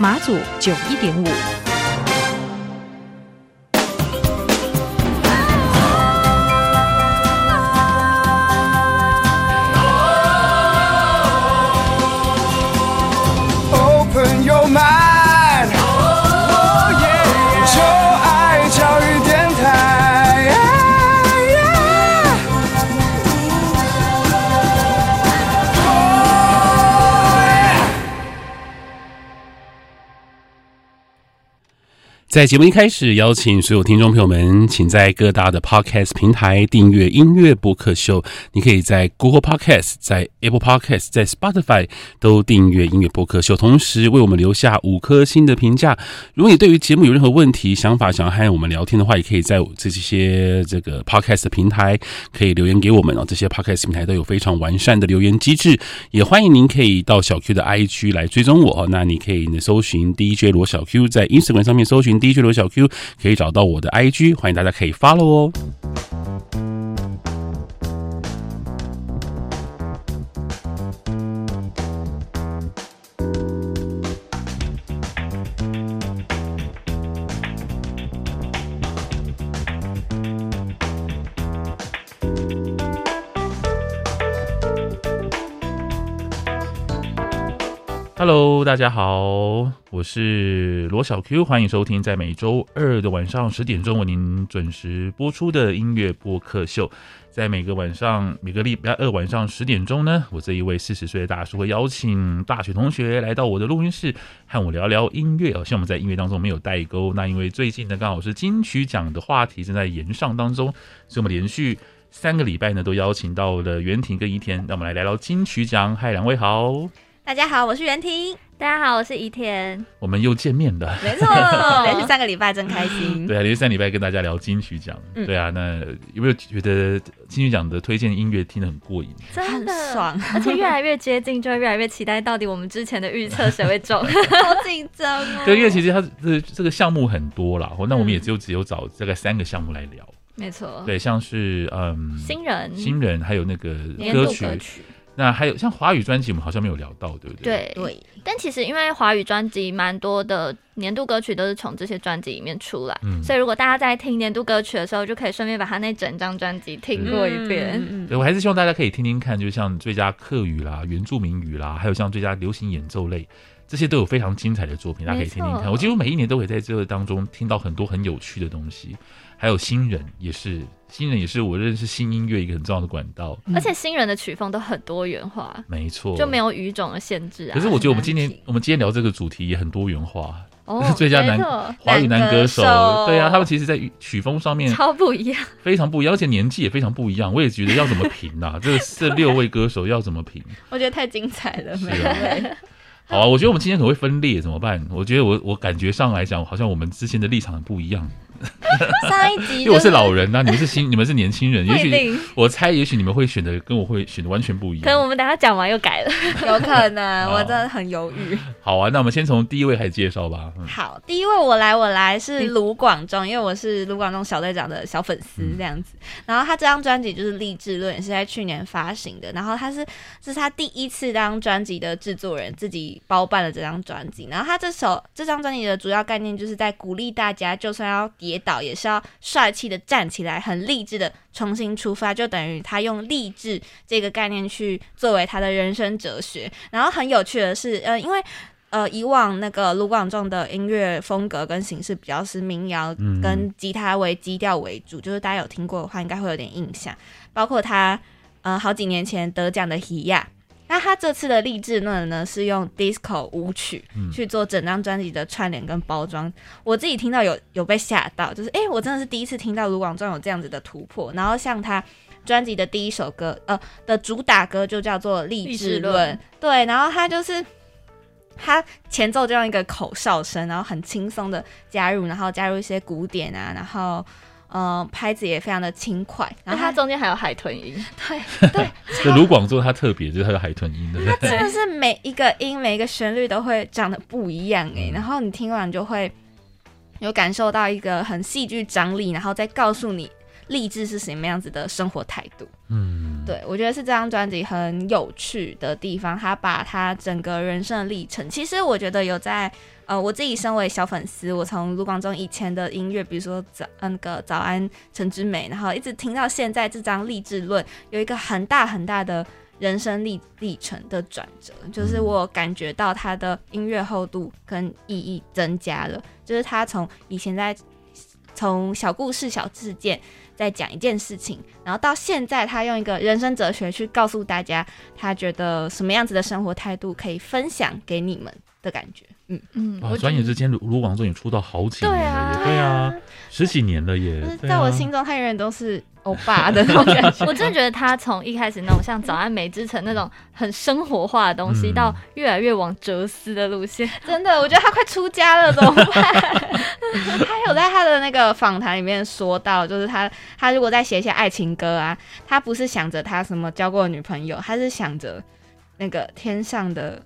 馬祖九一點五。在節目一開始，邀請所有聽眾朋友們，請在各大的 Podcast 平台訂閱音樂播客秀。你可以在 Google Podcast、在 Apple Podcast、在 Spotify 都訂閱音樂播客秀，同時為我們留下五顆星的評價。如果你對於節目有任何問題、想法，想要和我們聊天的話，也可以在這些這個 Podcast 平台，可以留言給我們哦。這些 Podcast 平台都有非常完善的留言機制，也歡迎您可以到小 Q 的 I 區來追蹤我，那你可以搜尋 DJ 羅小 Q，在 Instagram 上面搜尋 D。繼續留小 Q 可以找到我的 IG，歡迎大家可以 follow 哦。Hello，大家好，我是羅小 Q，歡迎收聽在每周二的晚上十點鐘為您準時播出的音樂播客秀。在每個晚上，每個禮拜二晚上十點鐘呢，我這一位四十歲的大叔會邀請大學同學來到我的錄音室，和我聊聊音樂。好像我們在音樂當中沒有代溝。那因為最近呢，剛好是金曲獎的話題正在炎上當中，所以我們連續三個禮拜呢都邀請到了袁婷跟一田，讓我們來聊聊金曲獎。嗨，兩位好。大家好，我是袁婷。大家好，我是宜田。我們又見面了沒錯，沒錯， 連續三個禮拜真開心。對啊，連續三個禮拜跟大家聊金曲獎。嗯、對啊，那有沒有覺得金曲獎的推薦音樂聽得很過癮？真的很爽，而且越來越接近，就會越來越期待到底我們之前的預測誰會中， 好緊張、哦。對，因為其實他這這個項目很多啦，那我們也就只有找大概三個項目來聊。沒錯、嗯，對，像是嗯，新人、新人，還有那個歌曲。那還有像華語專輯，我們好像沒有聊到，對不對？對對。但其實因為華語專輯蠻多的年度歌曲都是從這些專輯裡面出來，嗯、所以如果大家在聽年度歌曲的時候，就可以順便把他那整張專輯聽過一遍對、嗯。我還是希望大家可以聽聽看，就像最佳客語啦、原住民語啦，還有像最佳流行演奏類，這些都有非常精彩的作品，大家可以聽聽看。錯我幾乎每一年都可以在這當中聽到很多很有趣的東西。還有新人也是，新人也是我認識新音樂一個很重要的管道，而且新人的曲風都很多元化，沒錯，就沒有語種的限制啊。可是我覺得我們今天，我們今天聊這個主題也很多元化，哦，最佳男華語男歌手，對啊，他們其實在曲風上面超不一樣，非常不一樣，而且年紀也非常不一樣。我也覺得要怎麼評吶？這這六位歌手要怎麼評？我覺得太精彩了，沒有，好啊！我覺得我們今天可能會分裂，怎麼辦？我覺得我我感覺上來講，好像我們之前的立場很不一樣。上一集因為我是老人吶、啊， 你們是新， 你們是年輕人，也許許定我猜，也許你們會選的跟我會選的完全不一樣。可能我們等下講完又改了， 有可能， 我真的很猶豫。好啊，那我們先從第一位開始介紹吧。嗯、好，第一位我來，我來是盧廣仲，嗯、因為我是盧廣仲小隊長的小粉絲這樣子。嗯、然後他這張專輯就是《勵志論》，是在去年發行的。然後他是這是他第一次當專輯的製作人，自己包辦了這張專輯。然後他這首這張專輯的主要概念就是在鼓勵大家，就算要跌倒。也是要帥氣的站起來，很勵志的重新出發，就等於他用勵志這個概念去作為他的人生哲學。然後很有趣的是，呃，因為呃以往那個盧廣仲的音樂風格跟形式比較是民謠跟吉他為基調為主，嗯、就是大家有聽過的話，應該會有點印象。包括他呃好幾年前得獎的《西亞》。那他這次的勵志論呢，是用 disco 舞曲去做整張專輯的串聯跟包裝。嗯、我自己聽到有有被嚇到，就是哎、欸，我真的是第一次聽到盧廣仲有這樣子的突破。然後像他專輯的第一首歌，呃，的主打歌就叫做《勵志論》。論，對，然後他就是他前奏就用一個口哨聲，然後很輕鬆的加入，然後加入一些古典啊，然後。呃，拍子也非常的輕快，然後它中間還有海豚音，對 對。就盧廣仲他特別，就是他的海豚音，他真的是每一個音、 每一個旋律都會長得不一樣哎。嗯、然後你聽完就會有感受到一個很戲劇張力，然後再告訴你勵志是什麼樣子的生活態度。嗯，對，我覺得是這張專輯很有趣的地方，他把他整個人生的歷程，其實我覺得有在。呃，我自己身為小粉絲，我從盧廣仲以前的音樂，比如說早、呃、那個《早安》、《晨之美》，然後一直聽到現在這張《勵志論》，有一個很大很大的人生歷歷程的轉折，就是我感覺到他的音樂厚度跟意義增加了。就是他從以前在從小故事、小事件在講一件事情，然後到現在他用一個人生哲學去告訴大家，他覺得什麼樣子的生活態度可以分享給你們的感覺。嗯嗯，嗯，哇！轉眼之間，盧盧廣仲已經出道好幾年了，對啊，對啊十幾年了耶。在我心中，他永遠都是歐巴的那種感覺。啊、 我真的覺得他從一開始那種像《早安美之城》那種很生活化的東西，嗯、到越來越往哲思的路線，嗯、真的，我覺得他快出家了，怎麼辦？ 他有在他的那個訪談裡面說到，就是他他如果再寫一些愛情歌啊，他不是想着他什麼交過女朋友，他是想着那個天上的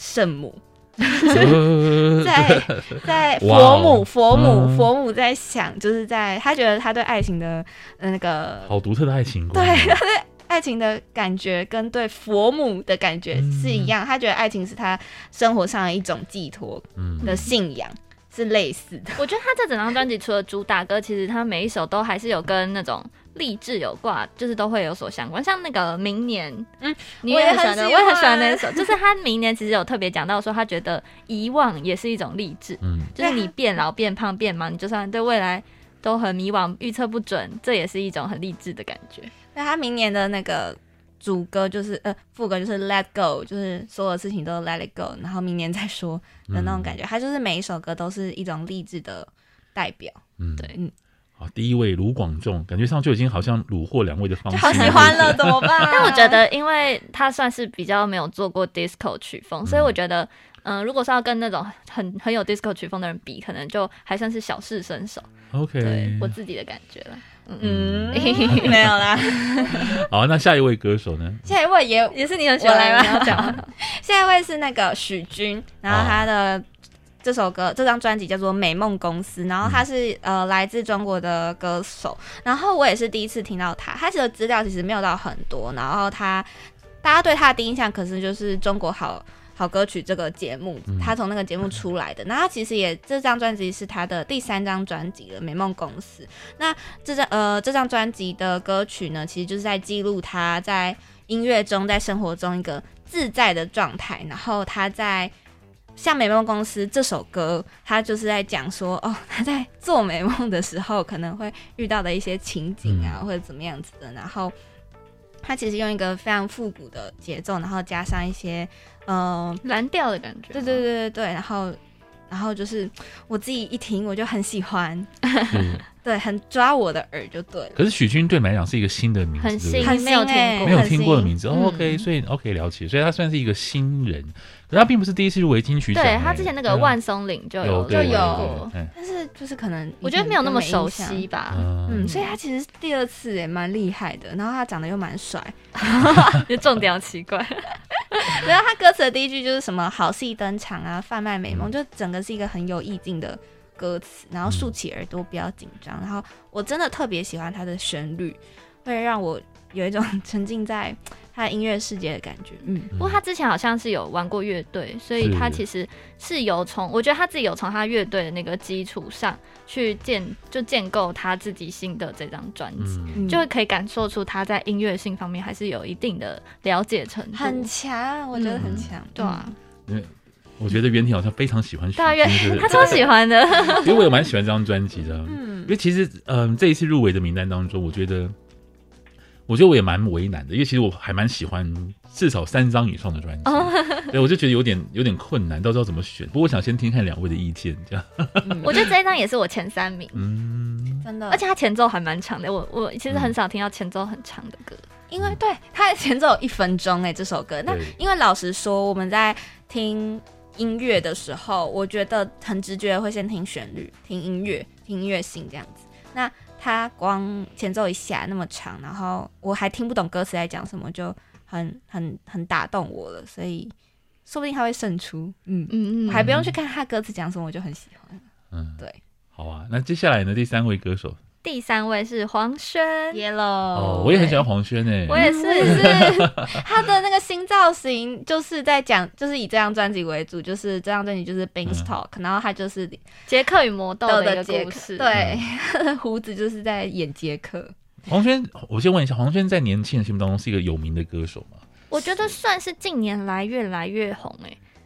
聖母。 在在佛母、哦、佛母佛母在想，就是在他覺得他對愛情的那個好獨特的愛情，對他對愛情的感覺跟對佛母的感覺是一樣，嗯、他覺得愛情是他生活上的一種寄託，嗯的信仰、嗯、是類似的。我覺得他這整張專輯除了主打歌，其實他每一首都還是有跟那種。勵志有掛，就是都會有所相關。像那個《明年》，嗯，你也我也很喜歡，我也很喜歡那首。 就是他《明年》其實有特別講到說，他覺得遺忘也是一種勵志。嗯，就是你變老、變胖、變忙，你就算對未來都很迷惘，預測不準，這也是一種很勵志的感覺。那他《明年》的那個主歌就是呃副歌就是 Let Go，就是所有事情都 Let It Go，然後明年再說的那種感覺。嗯、他就是每一首歌都是一種勵志的代表。嗯，對，嗯。第一位盧廣仲，感覺上就已經好像虜獲兩位的方式，好喜歡了，怎麼辦？但我覺得，因為他算是比較沒有做過 disco 曲風，嗯、所以我覺得，嗯、呃，如果說要跟那種很很有 disco 曲風的人比，可能就還算是小試身手。OK，對我自己的感覺了。嗯， 沒有啦。 好，那下一位歌手呢？下一位也也是你很喜歡，來吧。 嗎，下一位是那個許鈞，然後他的、哦。這首歌這張專輯叫做《美夢公司》，然後他是、嗯、呃來自中國的歌手，然後我也是第一次聽到他，他的資料其實沒有到很多，然後他大家對他的第一印象可是就是《中國好好歌曲》這個節目，他從那個節目出來的，那、嗯、他其實也這張專輯是他的第三張專輯的《美夢公司》。那這張呃這張專輯的歌曲呢，其實就是在記錄他在音樂中，在生活中一個自在的狀態，然後他在。像《美夢公司》這首歌，他就是在講說，哦，他在做美夢的時候可能會遇到的一些情景啊，嗯、或者怎麼樣子的。然後，他其實用一個非常復古的節奏，然後加上一些嗯、呃、藍調的感覺、啊。對對對對對。然後，然後就是我自己一聽我就很喜歡。嗯 對，很抓我的耳就對。可是許君對你來講是一個新的名字，很新，沒有聽過的名字。OK，所以 OK 了解，所以他算是一個新人，可他並不是第一次入圍金曲獎。對，他之前那個《萬松嶺》就有就有，但是就是可能我覺得沒有那麼熟悉吧。嗯，所以他其實第二次也蠻厲害的，然後他長得又蠻帥，就重點奇怪。然後他歌詞的第一句就是什麼“好戲登場啊，販賣美夢”，就整個是一個很有意境的。歌詞，然後豎起耳朵，比較緊張。嗯、然後我真的特別喜歡他的旋律，會讓我有一種沉浸在他的音樂世界的感覺。嗯，不過他之前好像是有玩過樂隊，所以他其實是有從，的我覺得他自己有從他樂隊的那個基礎上去建，就建構他自己新的這張專輯，嗯、就會可以感受出他在音樂性方面還是有一定的了解程度，很強，我覺得很強，嗯、對啊。嗯。 我覺得袁婷好像非常喜歡許鈞，啊、他超喜歡的， 因為我也蠻喜歡這張專輯的。嗯，因為其實，嗯、呃，這一次入圍的名單當中，我覺得，我覺得我也蠻為難的，因為其實我還蠻喜歡至少三張以上的專輯，哦、對，我就覺得有點有點困難，到時候怎麼選。不過我想先聽看兩位的意見，這樣。嗯、 我覺得這一張也是我前三名，嗯，真的，而且它前奏還蠻長的。我我其實很少聽到前奏很長的歌，嗯、因為對它的前奏有一分鐘哎、欸，這首歌。對那因為老實說，我們在聽。音樂的時候，我覺得很直覺，會先聽旋律、聽音樂、聽音樂性這樣子。那他光前奏一下那麼長，然後我還聽不懂歌詞在講什麼，就很很很打動我了。所以，說不定他會勝出。嗯嗯嗯，嗯還不用去看他歌詞講什麼，我就很喜歡。嗯，對。好啊，那接下來呢？第三位歌手。第三位是黃宣，Yellow，哦。我也很喜歡黃宣誒，我也是。 他的那個新造型就是在講，就是以這張專輯為主，就是這張專輯就是《BEANSTALK》然後他就是傑、嗯、克與魔豆的傑克。故事。對，胡、嗯、子就是在演傑克。黃宣，我先問一下，黃宣在年輕人心目當中是一個有名的歌手嗎？我覺得算是近年來越來越紅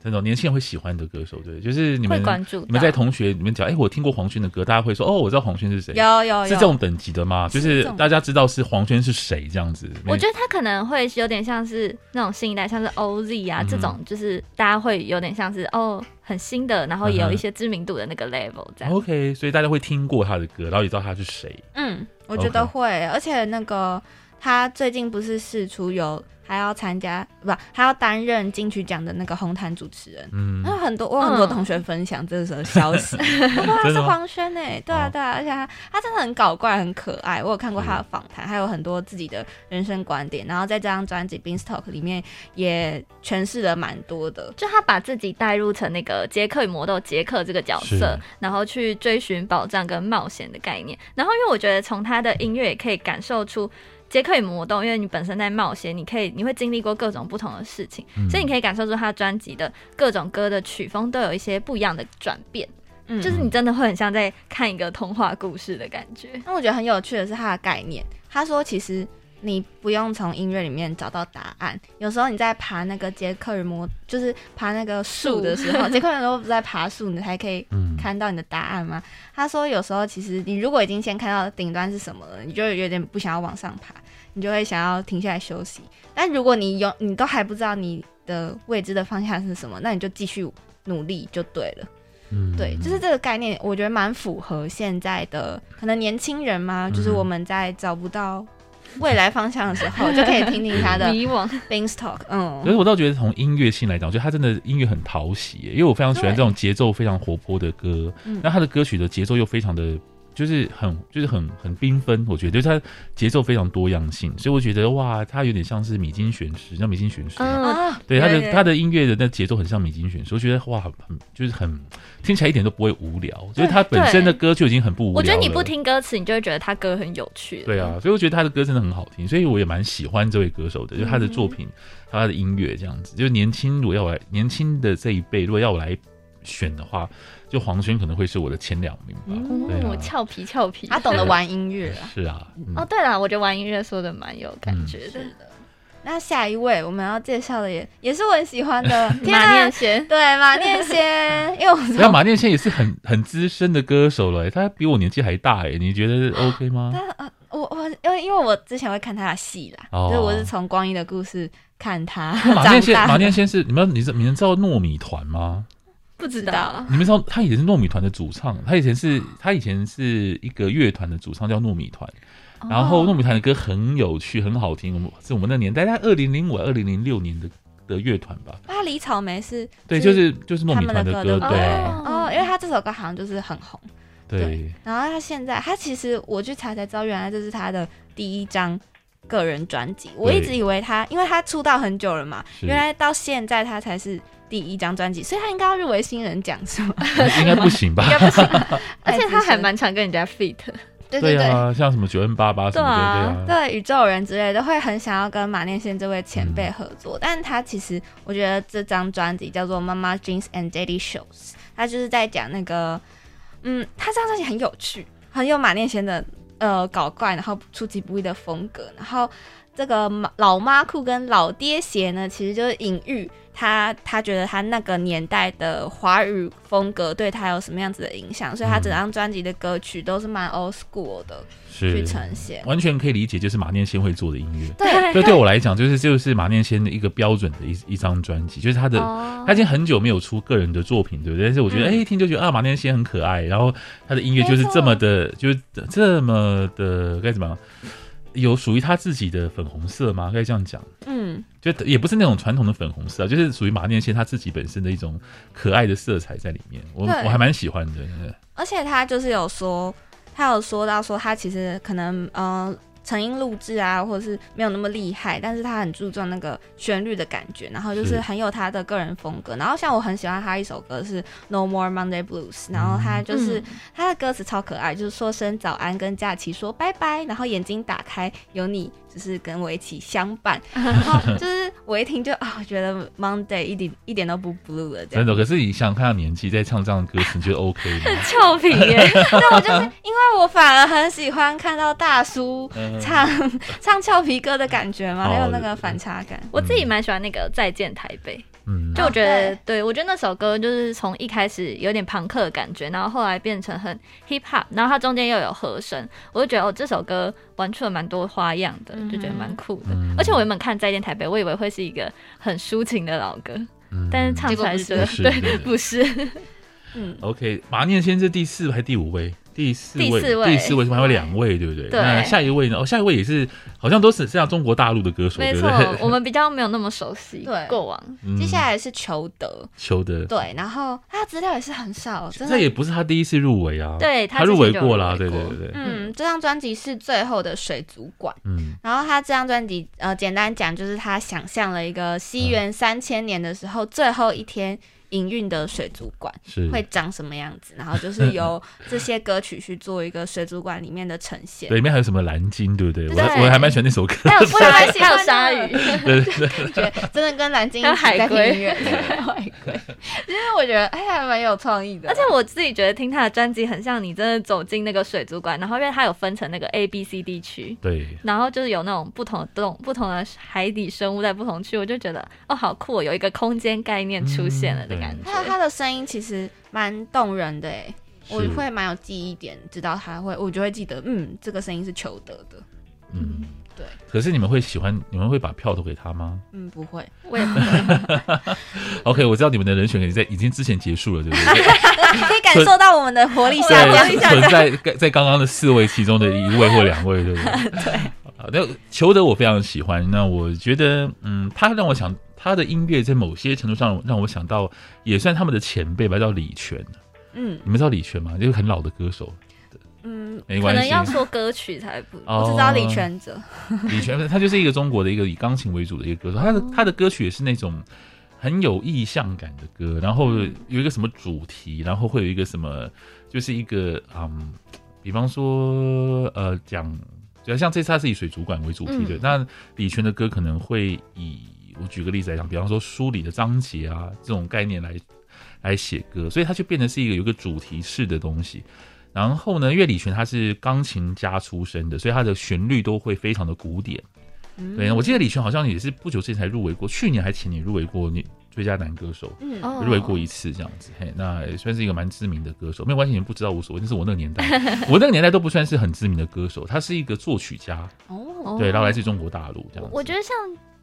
這種年輕人會喜歡的歌手，對，就是你們會關注你們在同學裡面講，哎、欸，我聽過黃宣的歌，大家會說，哦，我知道黃宣是誰，有有有是這種等級的嗎？就是大家知道是黃宣是誰這樣子。種樣子我覺得他可能會有點像是那種新一代，像是 OZ 啊、嗯、哼這種，就是大家會有點像是哦很新的，然後也有一些知名度的那個 level 這樣子、嗯。OK，所以大家會聽過他的歌，然後也知道他是誰。嗯，Okay. 我覺得會，而且那個。他最近不是試出有還要參加，不，還要擔任金曲獎的那個紅毯主持人。嗯，有很多我有很多同學分享這個什麼消息。他、嗯、 是黃宣呢。對啊，對啊，對嗎，而且他他真的很搞怪，很可愛。我有看過他的訪談，啊、還有很多自己的人生觀點。然後在這張專輯《BEANSTALK》裡面也詮釋了蠻多的，就他把自己帶入成那個傑克與魔豆傑克這個角色，是然後去追尋寶藏跟冒險的概念。然後，因為我覺得從他的音樂也可以感受出。傑克與魔豆，因為你本身在冒險，你可以你會經歷過各種不同的事情，嗯、所以你可以感受出他專輯的各種歌的曲風都有一些不一樣的轉變，嗯，就是你真的會很像在看一個童話故事的感覺。那我覺得很有趣的是他的概念，他說其實。你不用從音樂裡面找到答案。有時候你在爬那個傑克爾摩，就是爬那個樹的時候，傑 克爾摩不在爬樹，你才可以看到你的答案嗎？嗯、他說，有時候其實你如果已經先看到頂端是什麼了，你就有點不想要往上爬，你就會想要停下來休息。但如果你有，你都還不知道你的未知的方向是什麼，那你就繼續努力就對了。嗯，對，就是這個概念，我覺得蠻符合現在的可能年輕人嘛，嗯、就是我們在找不到。未來方向的時候，就可以聽聽他的迷惘。 對。BEANSTALK，嗯，可是我倒覺得從音樂性來講，我覺得他真的音樂很討喜耶，因為我非常喜歡這種節奏非常活潑的歌。對那他的歌曲的節奏又非常的。就是很，就是很，很繽紛。我覺得就是他節奏非常多樣性，所以我覺得哇，他有點像是米津玄師，像米津玄師。啊、對，對耶他，他的他的音樂的那節奏很像米津玄師，我覺得哇，很很就是很聽起來一點都不會無聊。所以他本身的歌就已經很不無聊了。我覺得你不聽歌詞，你就會覺得他歌很有趣。對啊，所以我覺得他的歌真的很好聽，所以我也蠻喜歡這位歌手的，就他的作品，他的音樂這樣子。就年輕，如果要年輕的這一輩，如果要我來選的話。就黃宣可能會是我的前兩名吧。哦，俏皮俏皮，他懂得玩音樂啊。是啊。哦，對了，我覺得玩音樂說的蠻有感覺的。那下一位我們要介紹的也也是我很喜歡的馬念先。對，馬念先，因為我知道馬念先也是很很資深的歌手了，他比我年紀還大哎。你覺得 OK 嗎？我我因為因為我之前會看他的戲啦，就是我是從《光陰的故事》看他。馬念先，馬念先是你們，你這你們知道糯米團嗎？不知道啊，你們知道他以前是糯米團的主唱，他以前是他以前是一個樂團的主唱，叫糯米團。哦、然後糯米團的歌很有趣，很好聽，我們是我們那年代，他二零零五二零零六年的的樂團吧。巴黎草莓是，對，就是，是的的就是糯米團的歌，的歌的對、啊、哦，因為他這首歌好像就是很紅。對，對，然後他現在他其實我去查才知道，原來這是他的第一張個人專輯。我一直以為他，對因為他出道很久了嘛，是原來到現在他才是。第一張專輯，所以他應該要入圍新人獎是嗎？ 應該不行吧 不行？而且他還蠻常跟人家 feat 對對對，像什麼 9m88 對、啊對、啊、對宇宙人，之類都會很想要跟馬念先這位前輩合作。嗯、但他其實我覺得這張專輯叫做《Mama Jeans and Daddy Shoes》，他就是在講那個，嗯，他這張專輯很有趣，很有馬念先的呃搞怪，然後出其不意的風格，然後。這個老媽褲跟老爹鞋呢，其實就是隱喻他，他覺得他那個年代的華語風格對他有什麼樣子的影響，所以他整張專輯的歌曲都是蠻 old school 的去呈現。嗯，完全可以理解，就是馬念先會做的音樂。對，就對，對我來講就是就是馬念先的一個標準的一一張專輯，就是他的、哦、他已經很久沒有出個人的作品，對不對？但是我覺得，啊、哎，一聽就覺得啊，馬念先很可愛，然後他的音樂就是這麼的，沒錯、就是這麼的該怎麼？有屬於他自己的粉紅色嗎？可以這樣講，嗯，就也不是那種傳統的粉紅色，啊，就是屬於馬念先他自己本身的一種可愛的色彩在裡面。我對我還蠻喜歡的，對對對，而且他就是有說，他有說到說他其實可能嗯。呃成音錄製啊，或者是沒有那麼厲害，但是他很注重那個旋律的感覺，然後就是很有他的個人風格。是然後像我很喜歡他一首歌是《No More Monday Blues》，然後他就是、嗯、他的歌詞超可愛，就是說聲早安，跟假期說拜拜，然後眼睛打開有你。只是跟我一起相伴， 然後就是我一聽就啊，哦，我覺得 Monday 一點一點都不 blue 的這樣。真的，可是你想看到年紀在唱這樣的歌詞， 你覺得 OK？很俏皮耶，對 我就是因為我反而很喜歡看到大叔唱 唱俏皮歌的感覺嘛，還、哦、有那個反差感，嗯、我自己蠻喜歡那個再見台北。嗯、就我覺得，啊、對，對我覺得那首歌就是從一開始有點朋克的感覺，然後後來變成很 hip hop，然後它中間又有和聲，我就覺得哦，這首歌玩出了蠻多花樣的，嗯、就覺得蠻酷的。嗯、而且我原本看《再見台北》，我以為會是一個很抒情的老歌，嗯、但是唱出來是，對，不是。嗯，OK，馬念先是第四還第五位。第四位，第四位，為什麼還有兩位？對不對？對。那下一位呢？哦，下一位也是，好像都是像中國大陸的歌手，對不對？沒錯，我們比較沒有那麼熟悉。對，過往。接下來是裘德。裘德，對。然後他的資料也是很少，真的。這也不是他第一次入圍啊。對，他入圍過啦。對對對。嗯，這張專輯是最後的水族館。嗯。然後他這張專輯，呃，簡單講就是他想象了一個西元三千年的時候最後一天。營運的水族館是會長什麼樣子？然後就是由這些歌曲去做一個水族館裡面的呈現。裡面還有什麼藍鯨，對不對？我對我還蠻喜歡那首歌。還有不還喜歡， 還有鯊魚。魚對對對， 真的跟藍鯨、海龜。海龜對，因 為我覺得哎呀，蠻有創意的。而且我自己覺得聽他的專輯很像你真的走進那個水族館，然後因為他有分成那個 A B C D 區。對。然後就是有那種不同的動、不同的海底生物在不同區，我就覺得哦，好酷哦，有一個空間概念出現了。嗯對他、嗯、他的聲音其實蠻動人的哎，是我會蠻有記憶點，知道他會，我就會記得，嗯，這個聲音是裘德的，嗯，對。可是你們會喜歡，你們會把票投給他嗎？嗯，不會，我也不會。 OK，我知道你們的人選已經在已經之前結束了，對不對？可以感受到我們的活力，下存在在剛剛的四位其中的一位或兩位，對不 對？對。那裘德我非常喜歡，那我覺得，嗯，他讓我想。他的音樂在某些程度上讓我想到，也算他們的前輩吧，叫李泉。嗯，你們知道李泉嗎？就是很老的歌手。嗯，沒關係。可能要說歌曲才不。哦，我知道李泉澤。李泉，他就是一個中國的一個以鋼琴為主的一個歌手。他的、哦、他的歌曲也是那種很有意象感的歌，然後有一個什麼主題，然後會有一個什麼，就是一個嗯，比方說呃，講主要像這次他是以水族館為主題的、嗯，那李泉的歌可能會以。我舉個例子來講，比方說書裡的章節啊，這種概念來來寫歌，所以它就變成是一個有一個主題式的東西。然後呢，因為李泉他是鋼琴家出身的，所以他的旋律都會非常的古典。嗯、對，我記得李泉好像也是不久之前才入圍過，去年還前年入圍過女最佳男歌手，嗯、入圍過一次這樣子。嘿，那也算是一個蠻知名的歌手，沒有關係，你們不知道無所謂。就是我那個年代， 我那個年代都不算是很知名的歌手，他是一個作曲家。哦，對，然後來自中國大陸這樣子。我覺得像。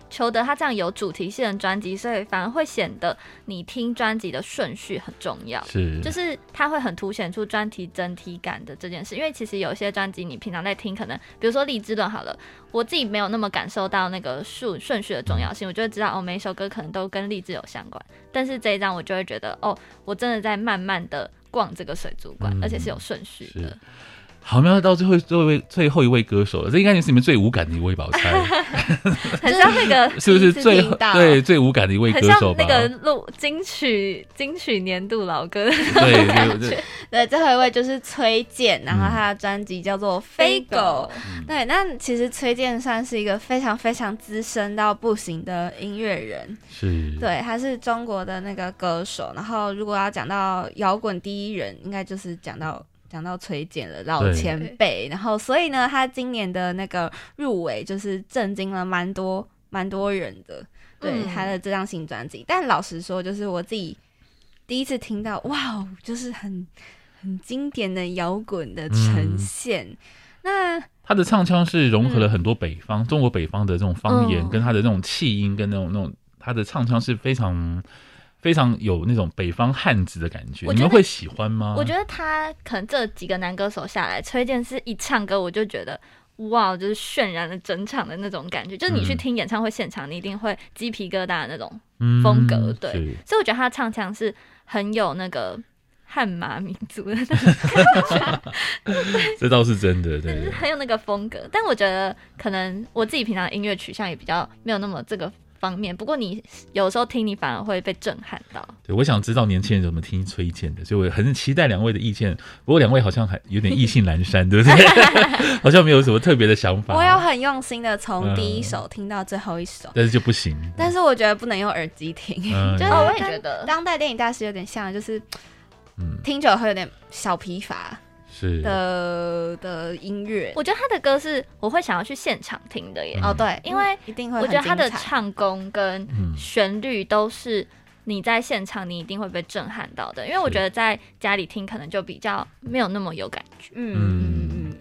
裘德他這樣有主題性的專輯，所以反而會顯得你聽專輯的順序很重要。是，就是他會很凸顯出專輯整體感的這件事。因為其實有些專輯你平常在聽，可能比如說《勵志論》好了，我自己沒有那麼感受到那個順順序的重要性。嗯、我就會知道哦，每一首歌可能都跟勵志有相關。但是這一張我就會覺得哦，我真的在慢慢的逛這個水族館，嗯、而且是有順序的。好，我們要到最後最後一位最後一位歌手了。這應該也是你們最無感的一位我猜，啊、 很像那個是不是最對最無感的一位歌手吧？那個錄金曲金曲年度老歌的。對，最後一位就是崔健，嗯、然後他的專輯叫做《飛狗》、嗯。對，那其實崔健算是一個非常非常資深到不行的音樂人。是。對，他是中國的那個歌手。然後，如果要講到搖滾第一人，應該就是講到。講到崔健了，老前輩，對然後所以呢，他今年的那個入圍就是震驚了蠻多蠻多人的，對、嗯、他的這張新專輯。但老實說，就是我自己第一次聽到，哇哦，就是很很經典的搖滾的呈現。嗯、那他的唱腔是融合了很多北方、嗯、中國北方的這種方言，嗯、跟他的那種氣音，跟那種那種他的唱腔是非常。非常有那種北方漢子的感覺，我覺得，你們會喜歡嗎？我覺得他可能這幾個男歌手下來，崔健是一唱歌我就覺得哇，就是渲染了整場的那種感覺，就是你去聽演唱會現場，嗯、你一定會雞皮疙瘩的那種風格。嗯、對，是所以我覺得他唱腔是很有那個漢馬民族的那， 對這倒是真的。對，很有那個風格。對對對。但我覺得可能我自己平常的音樂取向也比較沒有那麼這個。方面，不過你有時候聽，你反而會被震撼到。對，我想知道年輕人怎麼聽崔健的，所以我很期待兩位的意見。不過兩位好像還有點意興闌珊， 對不對？ 好像沒有什麼特別的想法。我有很用心的從第一首聽到最後一首，嗯，但是就不行。但是我覺得不能用耳機聽，就是我也覺得當代電影大師有點像，就是，聽久了會有點小疲乏。的的音樂，我覺得他的歌是我會想要去現場聽的耶。嗯、哦，對，因為一定會我覺得他的唱功跟旋律都是你在現場，你一定會被震撼到的，嗯、因為我覺得在家裡聽可能就比較沒有那麼有感覺。嗯，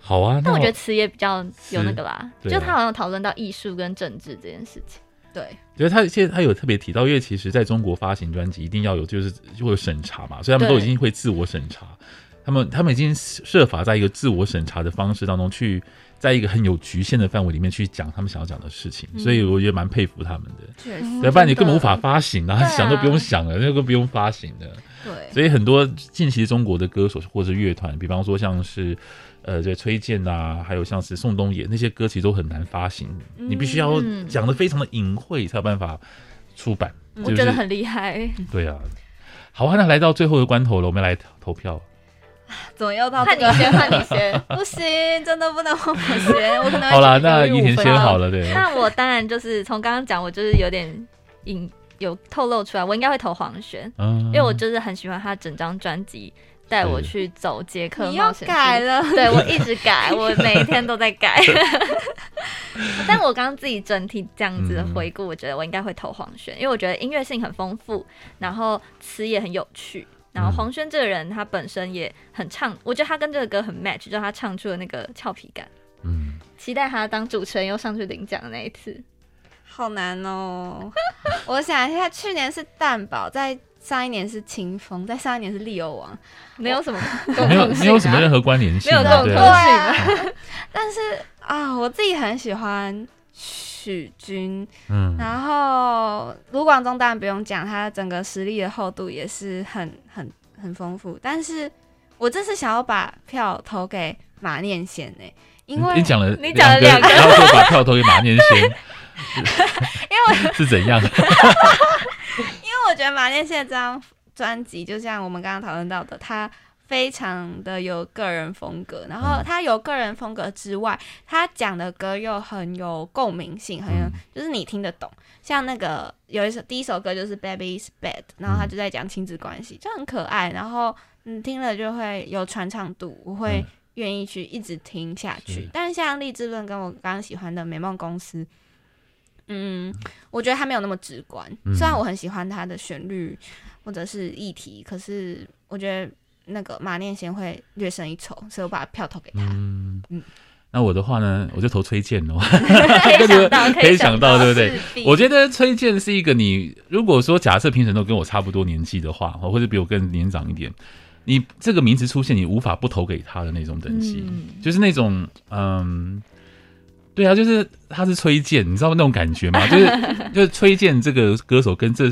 好啊，那我覺得詞也比較有那個啦，詞就是他好像討論到藝術跟政治這件事情。對，啊、對，對覺得他現在他有特別提到，因為其實在中國發行專輯一定要有就是會有審查嘛，所以他們都已經會自我審查。對嗯他們他們已經設法在一個自我審查的方式當中去，在一個很有侷限的範圍裡面去講他們想要講的事情，嗯、所以我也蠻佩服他們的。確實、嗯，不然你根本無法發行啊，嗯、想都不用想了，那個、都、不用發行的。對，所以很多近期中國的歌手或者是樂團，比方說像是呃，這崔健啊，還有像是宋冬野那些歌其實都很難發行，嗯、你必須要講得非常的隱晦，才有辦法出版。我覺得很厲害。是是對啊。好啊，那來到最後的關頭了，我們來投票。怎麼又到看，這個，你學，看你學。 不行，真的不能漢宇軒， 我可能好了。那一田好了，那我當然就是從剛剛講，我就是有點隱有透露出來，我應該會投黃宣，嗯、因為我就是很喜歡他整張專輯帶我去走傑克冒險。你要改了？對，我一直改， 我每一天都在改。 但我剛剛自己整體這樣子回顧，嗯、我覺得我應該會投黃宣，因為我覺得音樂性很豐富，然後詞也很有趣。然後黃宣這個人，他本身也很唱，嗯、我覺得他跟這個歌很 match，就他唱出了那個俏皮感。嗯，期待他當主持人又上去領獎的那一次，好難哦！ 我想一下，去年是蛋堡，再上一年是青峰，再上一年是利歐王，沒有什麼、啊、沒有沒有什麼任何關聯性，沒有這種特性。但是啊，我自己很喜歡。許鈞，嗯，然後盧廣仲當然不用講，他整個實力的厚度也是很很很豐富。但是，我這次想要把票投給馬念先，呢，因為你講了你講了兩個，然後我把票投給馬念先 是怎樣？的 因為我覺得馬念先這張專輯，就像我們剛剛討論到的，他。非常的有個人風格，然後他有個人風格之外，哦、他講的歌又很有共鳴性，很有、嗯、就是你聽得懂。像那個有一首第一首歌就是《Baby's Bed》，然後他就在講親子關係，嗯、就很可愛。然後你聽了就會有傳唱度，我會願意去一直聽下去。嗯、是但是像勵志論跟我剛剛喜歡的美夢公司，嗯，嗯我覺得他沒有那麼直觀。嗯、雖然我很喜歡他的旋律或者是議題，可是我覺得。那個馬念先會略勝一籌，所以我把票投給他。嗯嗯，嗯那我的話呢，我就投崔健哦。 可以想到，可以想到，想到必對不對？我覺得崔健是一個你，你如果說假設評審都跟我差不多年紀的話，或者比我更年長一點，你這個名詞出現，你無法不投給他的那種等級，嗯、就是那種嗯，對啊，就是他是崔健，你知道那種感覺嗎？ 就是就是崔健這個歌手跟這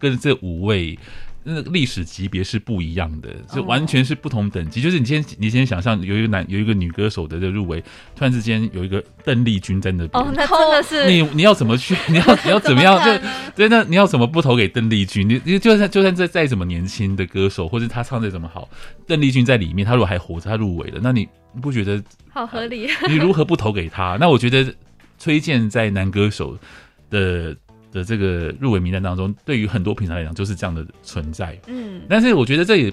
跟這五位。那個歷史級別是不一樣的，就完全是不同等級。Oh. 就是你先你先想象有一個男，有一個女歌手的這入圍，突然之間有一個鄧麗君在那邊哦，那、oh, that oh. 真的是你，你要怎麼去？你要你要怎麼樣？ 麼就對，那你要怎麼不投給鄧麗君？你你就算就算再再怎麼年輕的歌手，或者他唱的怎麼好，鄧麗君在裡面，他如果還活着，他入圍了，那你不覺得好合理、 呃？你如何不投給他？那我覺得崔健在男歌手的。這個入圍名單當中，對於很多平常來講就是這樣的存在。嗯，但是我覺得這也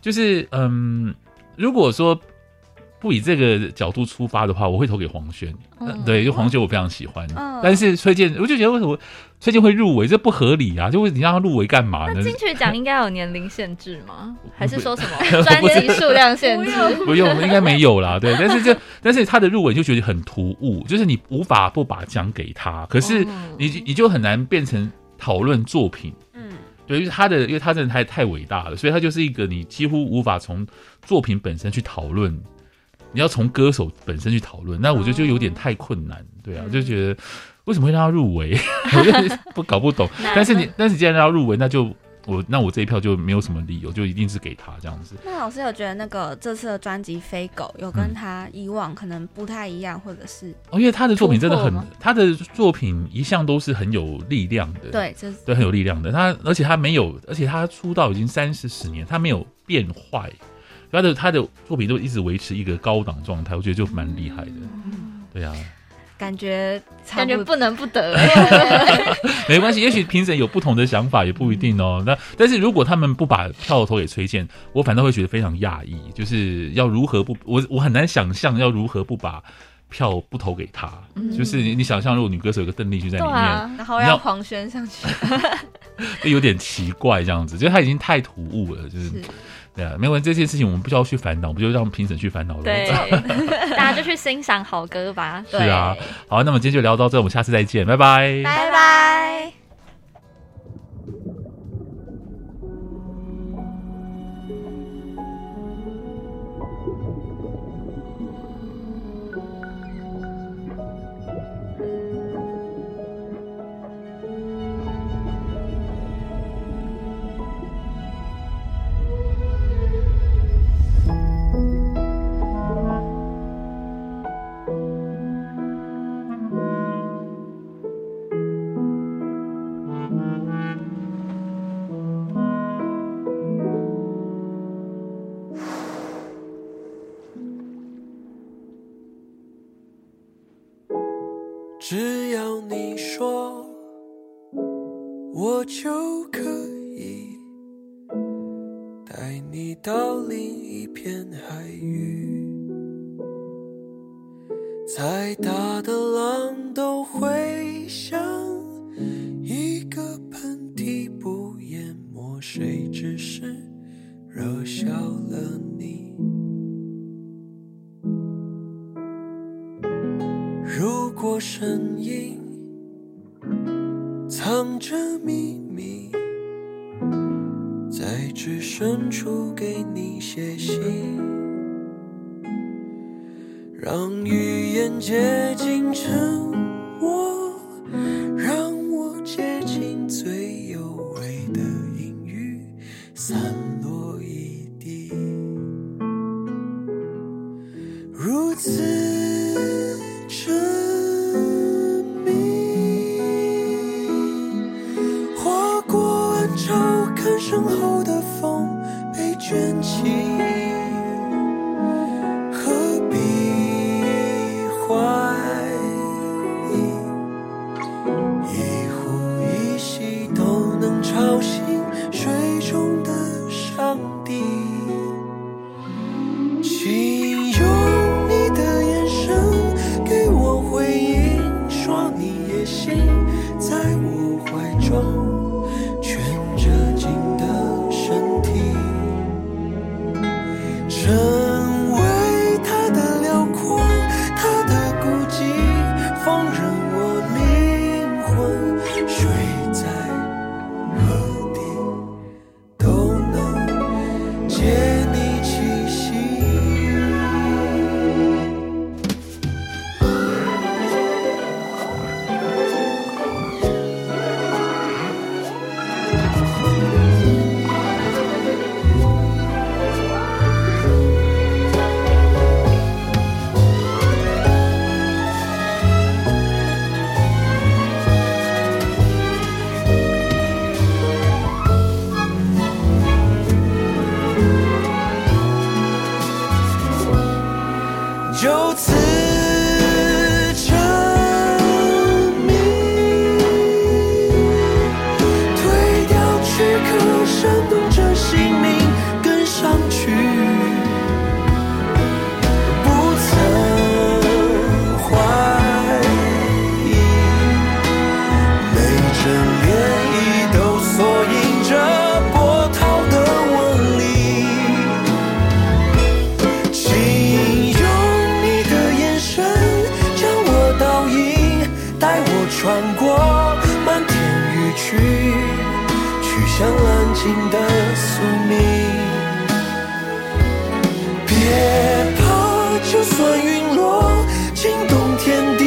就是，嗯，如果說。不以這個角度出發的話，我會投給黃宣。嗯，對，就黃宣我非常喜歡。嗯，但是崔健，我就覺得為什麼崔健會入圍這不合理啊？就你讓他入圍幹嘛呢？金曲獎應該有年齡限制嗎？還是說什麼專輯數量限制？不用，應該沒有啦。對，但是就但是他的入圍就覺得很突兀，就是你無法不把獎給他，可是你你就很難變成討論作品。嗯，對，因為他的因為他真的太太偉大了，所以他就是一個你幾乎無法從作品本身去討論。你要從歌手本身去討論，那我覺得就有點太困難，對啊，就覺得為什麼會讓他入圍，我就不搞不懂。了但是你，但是你既然讓他入圍，那就我，那我這一票就沒有什麼理由，就一定是給他這樣子。那老師有覺得那個這次的專輯《飛狗》有跟他以往、嗯、可能不太一樣，或者是？哦，因為他的作品真的很，他的作品一向都是很有力量的，對，就是、對，很有力量的。他而且他沒有，而且他出道已經三四十年，他沒有變壞。他的他的作品都一直維持一個高檔狀態，我覺得就蠻厲害的。嗯、對呀、啊，感覺感覺不能不得。 沒關係係， 也許評審有不同的想法，也不一定哦。嗯、那但是如果他們不把票投給崔健，我反倒會覺得非常訝異。就是要如何不，我我很難想象要如何不把票不投給他。嗯、就是你你想象如果女歌手有個鄧麗君在裡面，啊、然後要黃宣上去， 有點奇怪這樣子。就他已經太突兀了，就是。是對啊，沒有問這件事情，我們不需要去煩惱，不就讓評審去煩惱了對。 大家就去欣賞好歌吧。對是啊，好，那麼今天就聊到這，我們下次再見，拜拜，拜拜 bye。Bye bye 陪你到另一片海域，再大的浪都會消。接近沉默，讓我接近最幽微的隱喻，散落一地，如此沉迷。劃過暗潮，看身後的風被卷起。去，去向安靜的宿命。別怕，就算隕落，驚動天地。